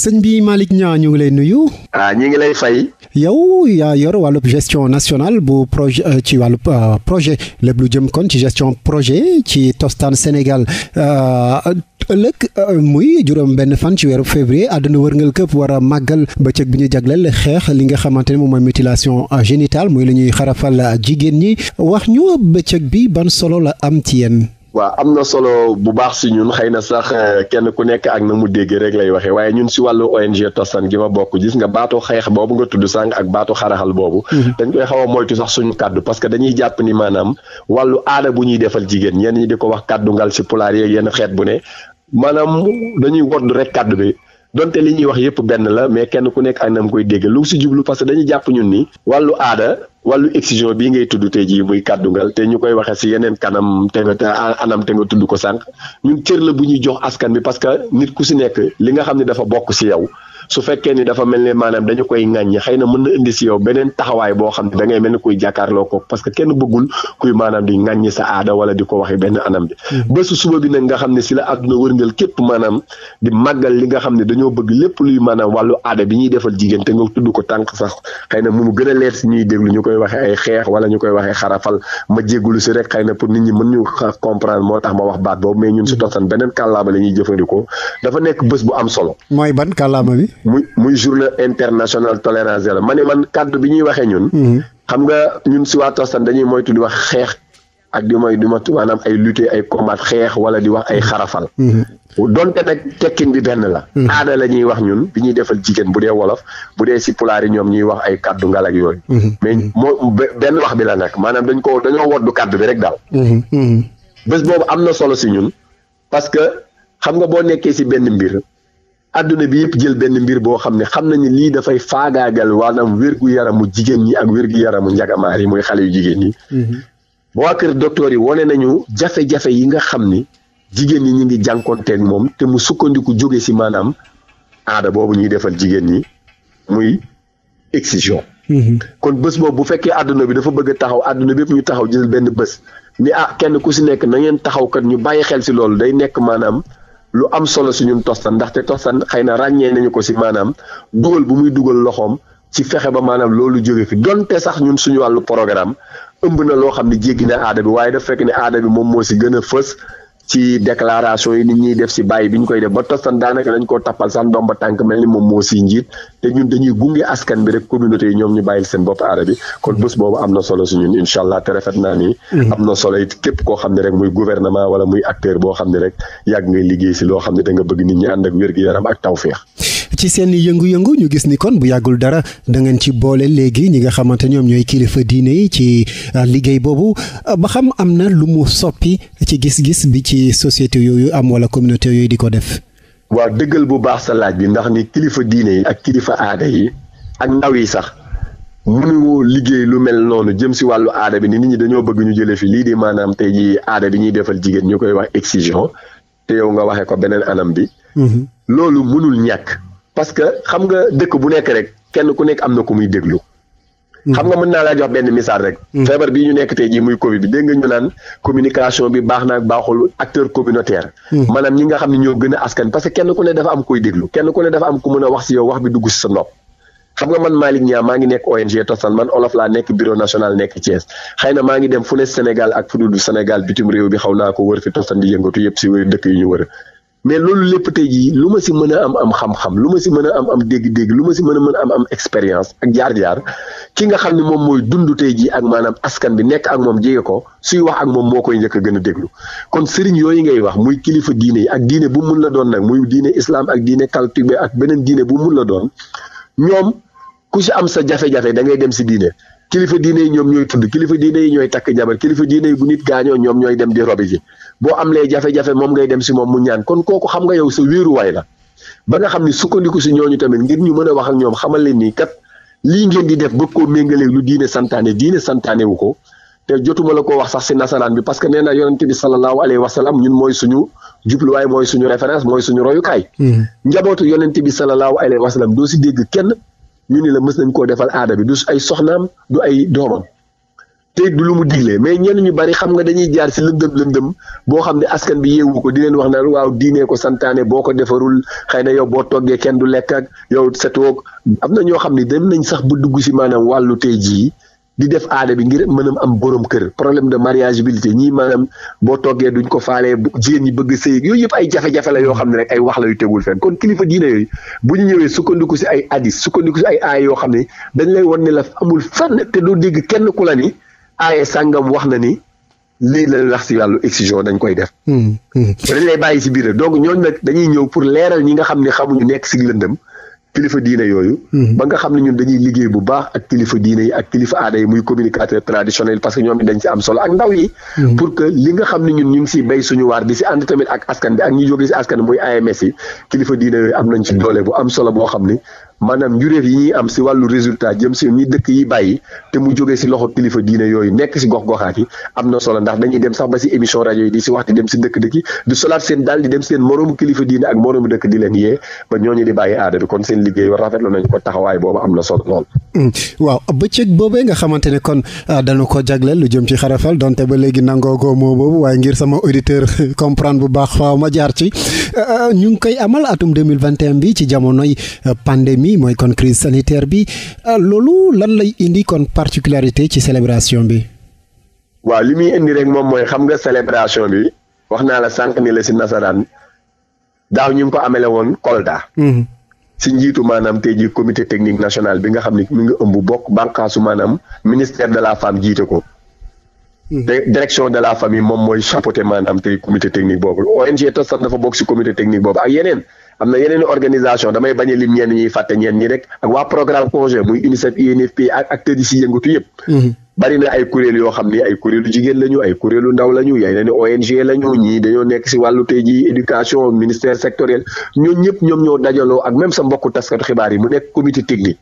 sëñ bi Malick Niang ñu ngi lay nuyu. ah ñu ngi lay fay. yow yaa yor wàllu gestion nationale bu projet euh, ci wàllub euh, projet lépp lu jëm kon ci gestion projet ci Tostan Sénégal euh, ëllëg muy juróom benn fan ci weeru février àdduna wërngal këpp war a màggal bëccëg bi ñu jagleel xeex li nga xamante ne moom mooy mutilation génitale muy li ñuy xarafal jigéen ñi wax ñu bëccëg bi ban solo la am ci yéen. waaw am na solo bu baax si ñun xëy na sax euh, kenn ku nekk ak na mu dégg rek lay waxee waaye ñun si wàllu ONG Tostan gi ma bokk gis nga baatu xeex boobu nga tudd sànq ak baatu xaraxal boobu. Mm-hmm. dañ koy xaw a moytu sax suñu kàddu parce que dañuy jàpp ni maanaam wàllu aada bu ñuy defal jigéen ñenn ñi di ko wax kàddu ngal si pulaar yeeg yenn xeet bu ne maanaam dañuy wodd rek kàddu bi. donte li ñuy wax yëpp benn la mais kenn ku nekk ak na mu koy dégg lu si jublu parce que dañu jàpp ñun ni wàllu aada wàllu excision bii ngay tudd tey ji muy kàddugal te ñu koy waxee si yeneen kanam te nga anam te tudd ko sànq ñun cër la bu ñuy jox askan bi parce que nit ku si nekk li nga xam ne dafa bokk si yow su fekkee ni dafa mel ni maanaam dañu koy ŋàññi xëy na mën na indi si yow beneen taxawaay boo xam ne dangay ngay mel ni kuy jàkkaarloo ko parce que kenn bëggul kuy maanaam di ŋàññi sa aada wala di ko waxee benn anam bi mm-hmm. bésu suba bi nag nga xam ne si la àdduna wërngal képp maanaam di màggal li nga xam ne dañoo bëgg lépp luy maanaam wàllu aada bi ñuy defal jigéen te nga ko tànk sax xëy na mu gën a leer si ñuy déglu ñu koy waxee ay xeex wala ñu koy waxee xarafal ma jéggulu si rek xëy na pour nit ñi mën ñu comprendre moo tax ma wax baat boobu mais ñun si mm-hmm. toftan beneen kàllaama la ñuy jëfandikoo dafa nekk bés bu am solo mooy ban kàllaama bi muy muy journée international tolérance la ma ne man kàddu bi ñuy waxee ñun. Mhm. xam nga ñun si waa Tostan dañuy moytu di wax xeex ak di moy di ma maanaam ay lutter ay combat xeex wala di wax ay mhm. xarafal. Mhm. donte nag tekkin bi benn la. aada la ñuy wax ñun bi ñuy defal jigéen bu dee wolof bu dee si pulaar yi ñoom ñuy wax ay kàddu ngal ak yooyu. mais moo benn wax bi la nag maanaam dañ ko dañoo woddu kàddu bi rek daal. bés boobu am na solo si ñun parce que xam nga boo nekkee si benn mbir. àdduna bi yëpp jël benn mbir boo xam ne xam nañu lii dafay faagaagal maanaam wérgu yaramu jigéen ñi ak wérgu yaramu njagamaar yi muy xale yu jigéen ñi. Mhm. waa kër docteur yi wane nañu jafe-jafe yi nga xam ni jigéen ñi ñu ngi jànkoonteeg moom te mu sukkandiku jóge si maanaam aada boobu ñuy defal jigéen ñi muy excision. Mhm. kon bës boobu bu fekkee àdduna bi dafa bëgg taxaw àdduna bi yëpp ñu taxaw jël benn bës ni ah kenn ku si nekk na ngeen taxaw kat ñu bàyyi xel si loolu day nekk maanaam. lu am solo si ñun Tostan ndaxte Tostan xëy na ràññee nañu ko si maanaam dugal bu muy dugal loxoom ci fexe ba maanaam loolu jóge fi donte sax ñun suñu wàllu programme ëmb na loo xam ne jéggi na aada bi waaye dafa fekk ne aada bi moom moo si gën a fës ci déclaration yi nit ñuy def si bàyyi bi koy def ba tostan daanaka dañ koo tappal sax ndomba tànk mel ni moom moo si njiit te ñun dañuy gunge askan bi rek communauté yi ñoom ñu bàyyil seen bopp aada bi kon bés boobu am na solo si ñun incha allah te rafet naa ni. Mm-hmm. am na solo it képp koo xam ne rek muy gouvernement wala muy acteur boo xam ne rek yàgg ngay liggéey si loo xam ne da bëgg nit ñi ànd ak gi gu yaram ak tawféex ci seen yëngu-yëngu ñu gis ni kon bu yàggul dara dangeen ci boole léegi ñi nga xamante ñoom ñooy kilifa diine yi ci ah, liggéey boobu ah, ba xam am na lu mu soppi ci gis-gis bi ci société yooyu am wala communauté yooyu di ko def. waa dëggal bu baax sa laaj bi ndax ni kilifa diine yi ak kilifa aada yi ak ndaw yi sax mënuñoo liggéey lu mel noonu jëm si wàllu aada bi ni nit ñi dañoo bëgg ñu jëlee fi lii di maanaam tey ji aada bi ñuy defal jigéen ñu koy wax excision te yow nga waxee ko beneen anam bi. Mm-hmm. loolu ñàkk. parce que xam nga dëkk bu nekk rek kenn ku nekk am na ku muy déglu. Hmm. xam nga mën naa laa jox benn misaal rek. Hmm. feebar bi ñu nekk tey jii muy Covid bi dégg nga ñu naan communication bi baax na baaxul acteur communautaire. Hmm. maanaam ñi nga xam ne ñoo gën a askan parce que kenn ku ne dafa am koy déglu kenn ku ne dafa am ku mën a wax wax bi dugg si sa nopp. xam nga man Malick Niang maa ngi nekk ONG Tostan man olof laa nekk bureau national nekk Thiès na maa ngi dem fu ne Sénégal ak fu dul Sénégal réew bi xaw naa ko wër fi Tostan di yëngatu yëpp si dëkk yu ñu wër mais loolu lépp tey jii lu ma si mën a am am xam-xam lu ma si mën a am am dégg-dégg lu ma si mën a mën a am am expérience ak jaar-jaar ki nga xam ne moom mooy dund tey jii ak maanaam askan bi nekk ak moom jege ko suy wax ak moom moo koy njëkk a gën a déglu kon sëriñ yooyu ngay wax muy kilifa diine yi ak diine bu mun la doon nag muy diine islam ak diine kaltube ak beneen diine bu mun la doon ñoom ku si am sa jafe-jafe da dem si diine kilifa diin ñoom ñooy tudd kilifa diine yi ñooy takk jabar kilifa diine yi bu nit ñoom ñooy dem di robi ji boo am lee jafe-jafe moom ngay dem si moom mu ñaan kon kooku xam nga yow sa wéeruwaay la ba nga xam ni sukkandiku si ñooñu tamit ngir ñu mën a wax ak ñoom xamal leen ni kat lii ngeen def bëgg koo méngaleeg lu diine santaane diine santaane wu ko te jotuma la ko wax sax si nasaraan bi parce que nee na yonente bi sallallahu alayhi wa sallam ñun mooy suñu jubluwaay mooy suñu référence mooy suñu royukaay. Hmm. njabootu yonente bi sallallahu alayhi wa sallam doo si dégg kenn ñu ni la mës nañ koo defal aada bi du ay soxnaam du ay doomam. te du lu mu digle mais ñenn ñu bari xam nga dañuy jaar ci lëndëm lëndëm boo xam ne askan bi yeewu ko di leen wax naan waaw diine ko santaane boo ko defarul xëy na yow boo toggee kenn du lekk ak yow setoog am na ñoo xam ne dem nañ sax bu dugg ci maanaam wàllu tey jii di def aada bi ngir mënam am borom kër problème de mariageabilité ñii maanaam boo toggee duñ ko faalee jigéen ñi bëgg sëy yooyu yëpp ay jafe la yoo xam ne rek ay wax la tegul fenn kon kilifa diine yooyu bu ñu ñëwee sukkandiku ci ay hadis sukkandiku ci ay aay yoo xam ne dañ lay wan ne la amul fenn te doo dégg kenn ku la ni aaye sàngam wax na ni lii la wax si wàllu excision dañ koy def. Hmm, hmm. dañ lay bàyyi si biir rek donc ñooñu nag dañuy ñëw pour leeral ñi nga xam ne xamuñu nekk si lëndëm kilifa diine yooyu. Hmm. ba nga xam ni ñun dañuy liggéey bu baax ak kilifa diine yi ak kilifa aada yi muy communicateur traditionnel parce que ñoom dañ si am solo ak ndaw yi. pour que li nga xam ne ñun ñu ngi siy béy suñu waar bi si ànd tamit ak askan bi ak ñu jógee si askan bi muy AMS yi kilifa diin yooyu am nañ ci doole bu am solo boo xam ni maanaam njuréef yi ñuy am si wàllu résultat jëm si ñi dëkk yi bàyyi te mu jógee si loxo kilifa diine yooyu nekk si gox-goxaat am na solo ndax dañuy dem sax ba si émission rajo yi di si wax di dem si dëkk-dëkk yi di solaat seen daal di dem seen moroomu kilifa diine ak moroomu dëkk di leen yee ba ñooñu di bàyyi aada bi kon seen liggéey war rafetlu nañu ko taxawaay boobu am na solo lool. Mm. waaw bëccëg boobee nga xamante ne kon ah, danu ko jagleel lu jëm ci xarafal donte ba léegi nangoo ko moo boobu waaye ngir sama auditeur comprendre bu baax faaw ma ah, ah, ngi koy amal atum 2021 bi ci jamonoy pandémie mi mooy kon crise sanitaire bi euh, loolu lan lay indi kon particularité ci célébration bi. waaw li muy indi rek moom mooy xam nga célébration bi wax naa la sànq ni la si nasaraan daaw ñu ngi ko amele woon Kolda. Mm-hmm. si njiitu maanaam tey jii comité technique national bi nga xam ne mu ngi ëmb bokk bànqaasu maanaam ministère de la femme jiite ko. Mm-hmm. direction de la famille moom mooy chapeauté maanaam tey comité technique boobu ONG Tostan dafa bokk si comité technique boobu ak yeneen. am na yeneen organisation damay bañ a lim ñuy fàtte ñenn ñi rek ak waa programme congé muy UNICEF UNFP ak acteurs yi si yëngatu yëpp mm-hmm. bari na ay kuréel yoo xam ni ay kuréelu jigéen la ñu ay kuréelu ndaw la ñu yeneen ONG la ñu mm-hmm. ñii dañoo nekk si wàllu tey ji éducation ministère sectoriel ñoo ñëpp ñoom ñoo dajaloo ak même sa mbokku taskatu xibaar yi mu nekk comité technique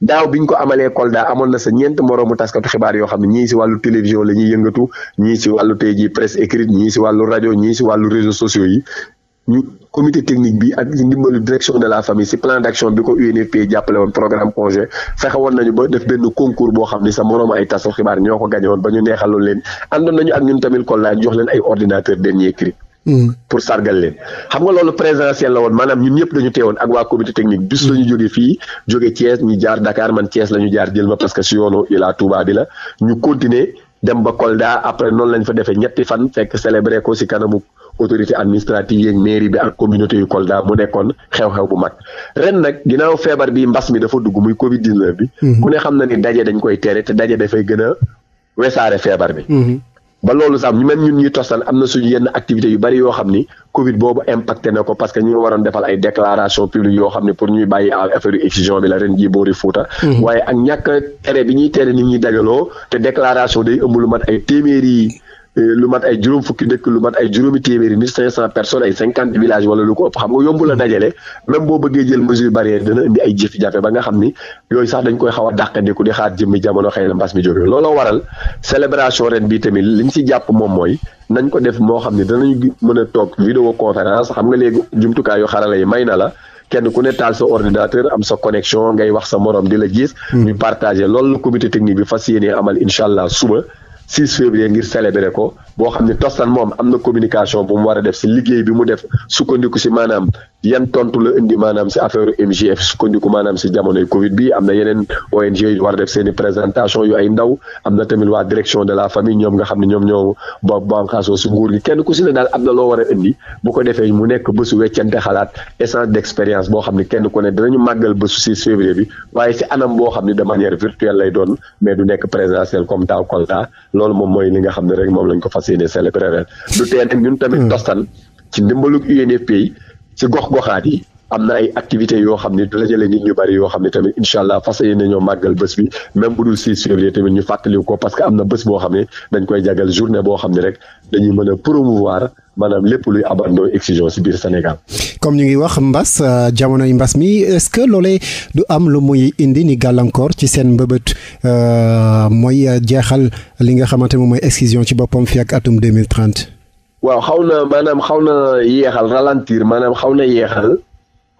daaw biñ ko amalee Kolda amoon na sa ñeent moroomu taskatu xibaar yoo xam ne ñii si wàllu télévision la ñuy yëngatu ñii si wàllu tey jii presse écrite ñii si wàllu rajo ñii si wàllu réseaux sociaux yi ñu comité technique bi ak ndimbalu direction de la famille si plan d' bi ko UNFP jàppale woon programme congé fexe woon nañu ba def benn concours boo xam ni sa moroom ay tasu xibaar ñoo ko gañe woon ba ñu neexaloon leen àndoon nañu ak ñun tamit Kolda jox leen ay ordinateur dernier cri hmm. pour sargal leen xam nga loolu présentiel la woon maanaam ñun ñëpp dañu teewoon ak waa comité technique bis la ñu jóge fii jóge Thiès ñu jaar Dakar man Thiès la ñu jaar jël ma parce que si yoonu Ila Touba bi la ñu continuer dem ba Kolda après noonu lañ fa defee ñetti fan fekk célébré ko si kanamu autorité administrative yeeg mairie bi ak communauté yu Kolda mu nekkoon xew-xew bu mag ren nag ginnaaw feebar bi mbas mi dafa dugg muy Covid 19 bi. Mhm. ku ne xam na ni daje dañ koy tere te daje dafay gën a wesaare feebar bi. Mhm. ba loolu sax même ñun ñuy tosal am na suñu yenn activité yu bari yoo xam ni Covid boobu impacté na ko parce que ñu waroon defal ay déclaration publique yoo xam ne pour ñuy bàyyi à affaire excision bi la ren jii boori Fuuta. Mhm. waaye ak ñàkk tere bi ñuy tere nit ñi dajaloo te déclaration day ëmb lu mat ay téeméeri Eh, lu mat ay juróom fukki dëkk lu mat ay juróomi téeméeri nit cinq cent personnes ay cinquante villages wala lu ko ëpp xam nga yomb la hmm. dajale même boo bëggee jël mesure barrière dina indi ay jafe-jafe ba nga xam ni yooyu sax dañ koy xaw a dàqandiku di xaar jëmmi jamono xëy na mbas mi jóge looloo waral célébration ren bi tamit liñ ci jàpp moom mooy nañ ko def moo xam ne danañu mën a toog vidéo conférence xam nga léegi yoo xarala yi may na la kenn ku ne taal sa ordinateur am sa connexion ngay wax sa morom di la gis. Hmm. ñu partagé loolu la comité technique bi fas yéenee amal incha allah suba. 6 février ngir célébrer ko boo xam ne tostan moom am na communication bu mu war a def si liggéey bi mu def sukkandiku si maanaam yan tontu la indi maanaam si affaire MJF sukkandiku maanaam si jamonoy Covid bi am na yeneen ONG war a seen i présentation yu ay ndaw am na tamit waa direction de la famille ñoom nga xam ne ñoom ñoo ba banqaasoo si nguur kenn ku si ne daal am na loo war a indi bu ko defee mu nekk bésu weccante xalaat échange d'expérience boo xam ne kenn ku ne dinañu màggal bésu 6 février bi waaye si anam boo xam ne de manière virtuelle lay doon mais du nekk présentiel comme taw Kolda loolu moom mooy li nga xam ne rek moom lañ ko fas yéene célébré ren du tee nag ñun tamit hmm. tostan ci ndimbalug UNFP yi ci gox-goxaat yi am na ay activités yoo xam ne dajale nit ñu bari yoo xam ne tamit incha allah fas yéene ñoo màggal bés bi même bu dul 6 février tamit ñu fàttaliku ko parce que am na bés boo xam ne dañ koy jagal journée boo xam ne rek dañuy mën a promouvoir maanaam lépp luy abandon excision si biir Sénégal. comme ñu ngi wax mbas euh, jamono yi mbas mi est-ce que loolee du am lu muy indi ni gàllankoor ci seen mbëbët euh, mooy euh, jeexal li nga xamante moom mooy excision ci boppam fi ak atum 2030. waaw xaw na maanaam xaw na yeexal ralentir maanaam xaw na yeexal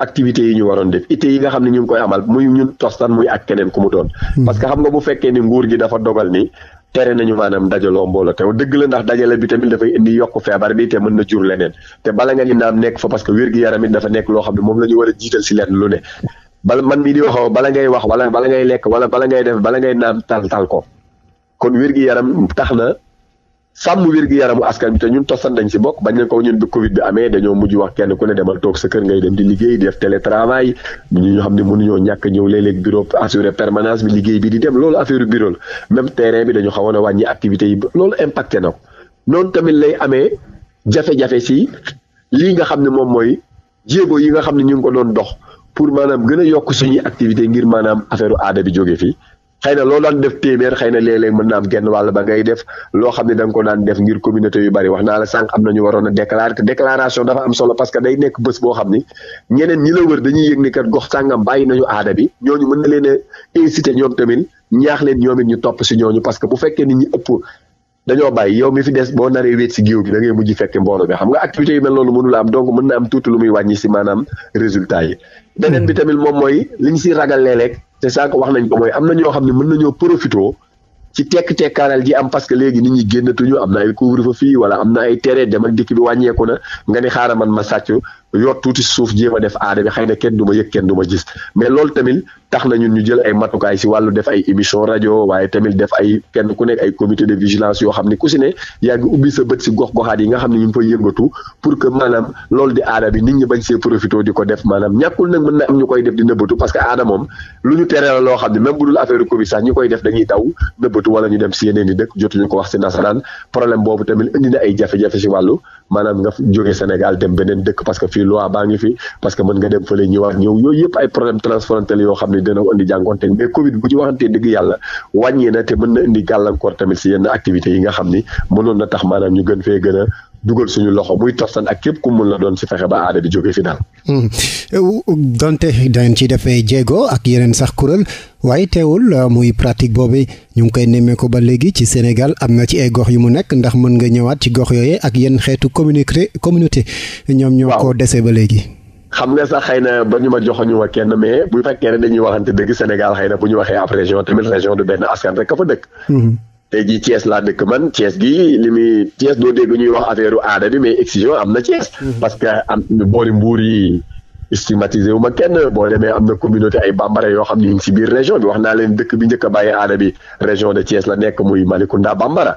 activité yi ñu waroon def itte yi nga xam ne ñu ngi koy amal muy ñu tostan muy ak keneen ku mu doon. Hmm. parce que xam nga bu fekkee ni nguur gi dafa dogal nii tere nañu maanaam dajaloo mbooloo te dëgg la ndax dajale bi tamit dafa indi yokk feebar bi te mën na jur leneen te bala nga ni naam nekk fa parce que wér gi yaram it dafa nekk loo xam ne moom la war a jiital si lenn lu ne bala man mii di waxoo bala ngay wax wala bala ngay lekk wala bala ngay def bala ngay naam tal tal ko kon wér gi yaram tax na sàmm wér gi yaramu askan bi te ñun tosan dañ si bokk bañ nañ koo ñun bi Covid bi amee dañoo mujj wax kenn ku ne demal toog sa kër ngay dem di liggéey def télétravail ñu ñoo xam ne mënuñoo ñàkk ñëw léeg-léeg bureau assuré permanence bi liggéey bi di dem loolu affaire bureau la même bi dañu xawoon a wàññi activités yi loolu impacté na ko tamit lay amee jafe si lii nga xam ne moom mooy jéego yi nga xam ne ñu ngi ko doon dox pour maanaam gën a yokk suñuy activité ngir maanaam affaire aada bi jóge fii xëy na loo daan def téeméer xëy na léeg-léeg mën na am genn wàll ba ngay def loo xam ne da ko daan def ngir communauté yu bari wax naa la sànq am na ñu waroon a déclarer te déclaration dafa am solo parce que day nekk bés boo xam ni ñeneen ñi la wër dañuy yëg ni kat gox sàngam bàyyi nañu aada bi ñooñu mën na leen a inciter ñoom tamit ñaax leen ñoom it ñu topp si ñooñu parce que bu fekkee nit ñi ëpp dañoo bàyyi yow mi fi des boo naree wéet si géew bi da ngay mujj fekk mbooloo bi xam nga activité yu am donc am tuuti lu muy wàññi si maanaam résultat yi bi tamit moom mooy liñ si ragal léeg te sànq wax nañ ko mooy am na ñoo xam ne mën nañoo profitoo ci tekk-tekkaaral ji am parce que léegi nit ñi génnatuñu am na ay couvre-feu fii wala am na ay tere dem ak dikk bi wàññeeku na nga ni xaaral man ma sàcc yor tuuti suuf jéem def aada bi xëy na kenn du ma yëg kenn du ma gis mais loolu tamit tax na ñun ñu jël ay matukaay si wàllu def ay émission rajo waaye tamit def ay kenn ku nekk ay comité de vigilance yoo xam ne ku si ne ubbi sa bët si gox goxaat yi nga xam ne ñu ngi fay yëngatu pour que loolu di aada bi nit ñi bañ see profité di ko def maanaam ñàkkul nag mën na am ñu koy def di nëbbatu parce que aada moom lu ñu tere loo xam ne même bu dul affaire Covid sax ñi koy def dañuy daw nëbbatu wala ñu dem si yeneen i dëkk jotuñu ko wax si nasaraan problème boobu tamit indi na ay jafe-jafe si wàllu maanaam nga jóge Sénégal dem beneen dëkk parce que fii loi baa ngi fi parce que mën nga dem fële ñëwaat ñëw yooyu yëpp ay problème transfrontalier yoo xam ne dina indi jànkoonte mais Covid bu ci waxantee dëgg yàlla wàññi na te mën na indi gàllankoor tamit si yenn activités yi nga xam ni mënoon na tax maanaam ñu gën fee gëna dugal suñu loxo muy tostan ak képp ku mun la doon si fexe ba aada di jóge fi daal. Hmm. Euh, donte dañ ci defee jéego ak yeneen sax kuréel waaye teewul euh, muy pratique boobu ñu ngi koy nemmee ko ba léegi ci Sénégal am na ci ay gox yu mu nekk ndax mën nga ñëwaat ci gox yooyu ak yenn xeetu communiqué communauté. ñoom ñoo ko dese ba léegi. xam nga sax xëy na ba ñu ma joxoon ñu ma kenn mais bu fekkee ne dañuy waxante dëgg Sénégal xëy bu ñu waxee ab région tamit région du benn rek ka fa dëkk. Hmm. te jii Thiès laa dëkk man cees gi li muy Thiès doo dégg ñuy wax affaire aada bi mais excision am na Thiès. Mhm. parce que am boori mbuur yi stigmatisé wu ma kenn boo demee am na communauté ay bambara yoo xam ni ñu si biir région bi wax naa leen dëkk bi njëkk bàyyi aada bi région de Thiès la nekk muy Malicounda Bambara.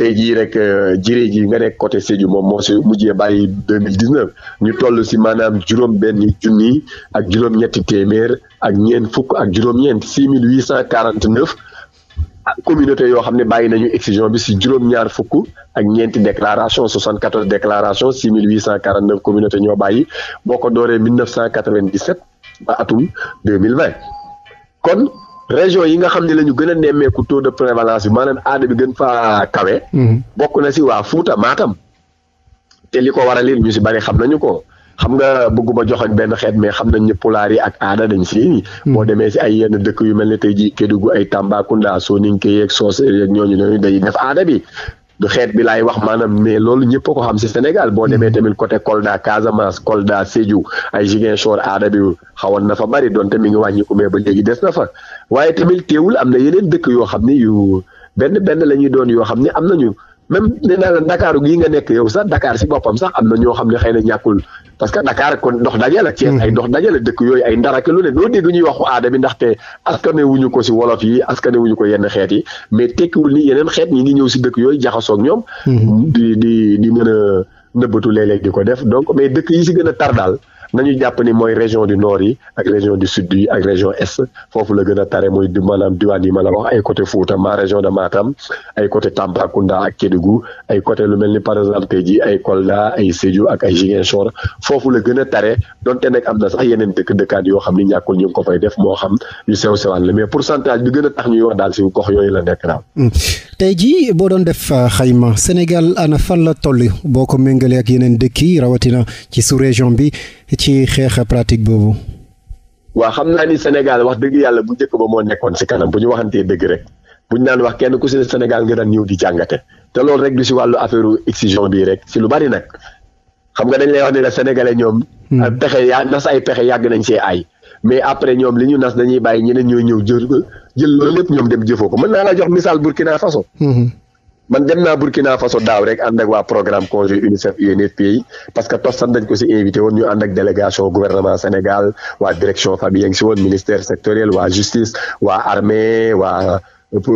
tey jii rek euh, jiré ji nga nekk côté Sédhiou moom moo si mujjee bàyyi deux mille dix neuf ñu toll si maanaam juróom benn junni ak juróom-ñetti téeméer ak ñeent fukk ak juróom-ñeent six mille huit cent Ah, communauté yoo xam ne bàyyi nañu excision bi si juróom-ñaar fukk ak ñeenti déclaration 74 déclaration 6849 communauté ñoo bàyyi boo ko dooree 1997 ba atum 2020 kon région yi nga xam ne la ñu gën a nemmeeku taux de prévalence bi maanaam aada bi gën faa kawe. Mhm. bokk na si waa Fuuta Maatam te li ko waral ñu si bari xam nañu ko xam nga bëgguma joxoñ benn xeet mais xam nañ ne pulaar yi ak aada dañ si hmm. boo demee si ay yenn dëkk yu mel ne tey ji Kédougou ay Tambacounda Soninké yeeg soose yeeg ñooñu ñooñu day def aada bi xeet bi laay wax maanaam mais loolu ñëpp ko xam si Sénégal boo demee hmm. tamit côté Kolda Casamance Kolda Sédhiou ay Ziguinchor aada bi xawoon na fa bari donte mi ngi mais ba léegi des na fa waaye tamit teewul am na yeneen dëkk yoo xam ne yu benn benn la ñuy doon yoo xam ne am nañu même nee naa la Dakar gii nga nekk yow sax dakaar si boppam sax am na ñoo xam ne xëy na ñàkkul parce que Dakar kon ndox daje la Thiès ay ndox mhm. daje la dëkk yooyu ay ndarak lu ne loo dégg ñuy waxu aada bi ndaxte askane wuñu ko si wolof yi askane wuñu ko yenn xeet yi mais tekkiwul ni yeneen xeet ñi ngi ñëw si dëkk yooyu jaxasoog ñoom mhm. di di di mën a nëbbatu léeg di ko def donc mais dëkk yi si gën a tar daal nañu jàpp ni mooy région du nord yi ak région du sud yi ak région est foofu la gën a tare mooy du maanaam diwaan yi ma la wax ay côté Fouta ma région de Matam ay côté Tambacounda ak gu ay côté lu mel ni par exemple tey ji ay Kolda ay Sédhiou ak ay Ziguinchor foofu la gën a tare donte nag am na sax yeneen dëkk dëkkaat yoo xam ni ñàkkul ñu ngi ko fay def moo xam ñu sew sewaan la mais pourcentage bi gën a tax ñuy wax daal si gox yooyu la nekk daal hmm. tey jii boo doon def euh, xayma Sénégal ana fan la toll boo ko méngalee ak yeneen dëkk yi rawatina ci sous-région bi ci xeex pratique boobu. waa xam naa ni Sénégal wax dëgg yàlla bu njëkk ba moo nekkoon si kanam bu ñu waxantee dëgg rek bu ñu naan wax kenn ku si ne Sénégal nga daan ñëw di jàngate te loolu rek du si wàllu affaire excision bii rek si lu bari nag xam nga dañ lay wax ne la sénégalais ñoom. Hmm. pexe yaa nas ay pexe yàgg nañ see ay. mais après ñoom li ñu nas dañuy bàyyi ñeneen ñooy ñëw jël ko jël loolu lépp ñoom dem jëfoo ko mën naa la jox misaal Burkina Faso. Mm-hmm. man dem naa Burkina Faso daaw rek ànd ak waa programme conjoint UNICEF UNFPA parce que tostan dañ ko si invité woon ñu ànd ak délégation gouvernement Sénégal waa direction famille yaa ngi si woon ministère sectoriel waa justice waa armée wa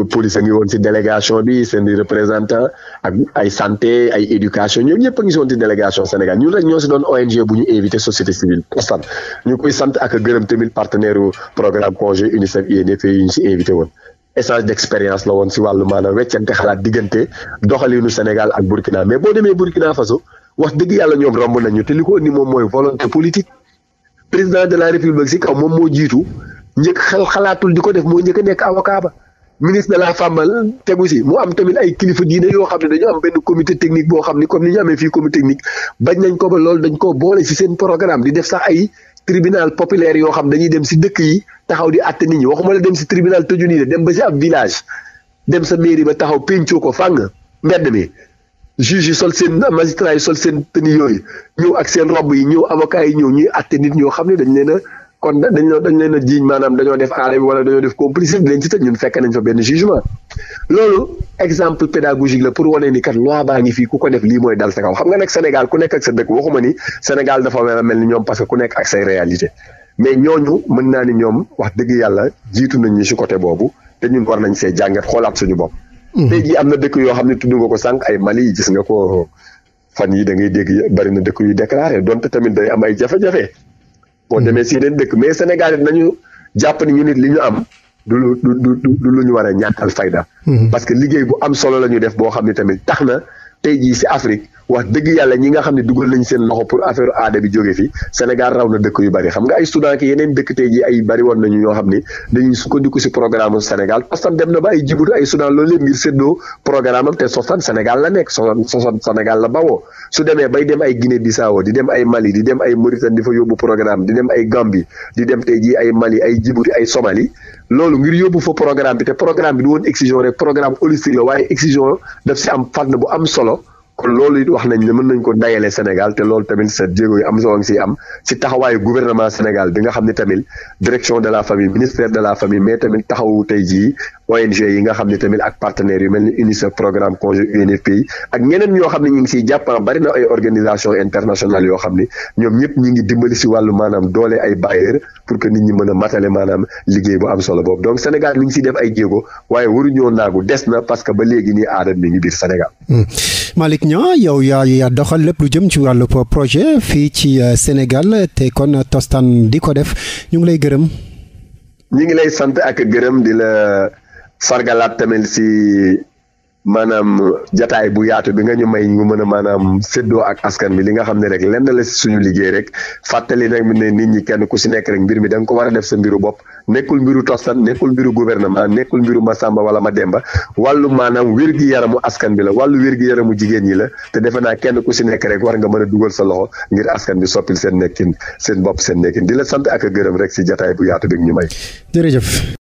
police a ngi woon si délégation bi seen représentant ak ay santé ay éducation ñoom ñëpp ngi si woon délégation Sénégal ñun rek ñoo si doon ONG bu ñu invité société civile constant ñu koy sant ak gërëm tamit partenaire yu programme projet UNICEF UNDP yu ñu si invité woon échange d'expérience la woon si wàllu maanaam weccante xalaat diggante doxalinu Sénégal ak Burkina mais boo demee Burkina Faso wax dëgg yàlla ñoom romb nañu te li ko ni moom mooy volonté politique président de la République si moom moo jiitu njëkk xel xalaatul di ko def moo njëkk nekk avocat ba ministre de la femme tegu si mu am tamit ay kilifa diine yoo xam ne dañu am benn comité technique boo xam ni comme ni ñu amee fii comité technique bañ nañ ko ba lool dañ ko boole si seen programme di def sax ay tribunal populaire yoo xam dañuy dem si dëkk yi taxaw di àtte nit ñi waxuma la dem si tribunal tëju nii dem ba si ab village dem sa mairie ba taxaw pencoo ko fàng mbedd mi juge yi sol seen magistrat yi sol seen tenue yooyu ñëw ak seen robe yi ñëw avocat yi ñëw ñuy àtte ñoo xam ne dañ leen a kon dañ la dañ leen a jiiñ maanaam dañoo def aare bi wala dañoo def complicité di leen ci tëj ñun fekk nañ fa benn jugement loolu exemple pédagogique la pour wane ni kat loi baa ngi fii ku ko def lii mooy dal sa kaw xam nga nag Sénégal ku nekk ak sa dëkk waxuma ni Sénégal dafa mel mel ni ñoom parce que ku nekk ak say réalité mais ñooñu mën naa ni ñoom wax dëgg yàlla jiitu nañ ñu si côté boobu te ñun war nañ see jàngat xoolaat suñu bopp. Mm-hmm. tey jii am na dëkk yoo xam ne tudd nga ko sànq ay Mali gis nga ko fan yi da ngay dégg bari na dëkk yu déclaré donte tamit day am ay jafe boo hmm. demee si yeneen dëkk mais Sénégal it nañu jàpp ni ñu nit li ñu am du du du du lu ñu war a ñàkkal fayda. Hmm. parce que liggéey bu am solo la ñu def boo xam ne tamit tax na. tey jii si Afrique wax dëgg yàlla ñi nga xam ne dugal nañ seen loxo pour affaire aada bi jóge fi Sénégal raw na dëkk yu bari xam nga ay Soudan ki yeneen dëkk tey jii ay bari woon nañu ñoo xam ne dañuy sukkandiku si programme Sénégal parce que dem na ay Djibouti ay Soudan loolu lépp ngir séddoo programme am te sosan Sénégal la nekk sosan sosan Sénégal la bawoo su demee bay dem ay Guinée Bissau di dem ay Mali di dem ay Mauritanie di fa yóbbu programme di dem ay gambi di dem tey jii ay Mali ay Djibouti ay somali loolu ngir yóbbu fa programme bi te programme bi du woon excision rek programme holistique la waaye excision daf si am fànn bu am solo kon loolu it wax nañ ne mën nañ ko ndayale Sénégal te loolu tamit sa jéego yu am soo ngi si am si taxawaayu gouvernement Sénégal bi nga xam ne tamit direction de la famille ministère de la famille mais tamit taxawu tey ji ONG yi nga xam ne tamit ak partenaire yu mel ni UNICEF programme conjoint UNFPI ak ñeneen ñoo xam ne ñu ngi siy jàppan bari na ay organisation internationale yoo xam ni ñoom ñëpp ñi ngi dimbali si wàllu maanaam doole ay bailleurs pour que nit ñi mën a matale maanaam liggéey bu am solo boobu donc Sénégal mi ngi siy def ay jéego waaye waruñoo naagu des na parce que ba léegi nii aadam mi ngi biir Sénégal hmm. Niang yow yaa yaa doxal lépp lu jëm ci wàllu projet fii ci euh, Sénégal te kon tostan di ko def ñu ngi lay gërëm. ñu ngi lay sant ak gërëm di la sargalaat tamit si. maanaam jataay bu yaatu bi nga ñu may ñu mën a maanaam séddoo ak askan bi li nga xam ne rek lenn la si suñu liggéey rek fàttali nag ne nit ñi kenn ku si nekk rek mbir mi da nga ko war a def sa mbiru bopp nekkul mbiru tostan nekkul mbiru gouvernement nekkul mbiru ma Masamba wala demba wàllu maanaam wir gi yaramu askan bi la wàllu wér gi yaramu jigéen ñi la te defe naa kenn ku si nekk rek war nga mën a dugal sa loxo ngir askan bi soppil seen nekkin seen bopp seen nekkin di la sant ak a rek si jataay bu yaatu bi ñu may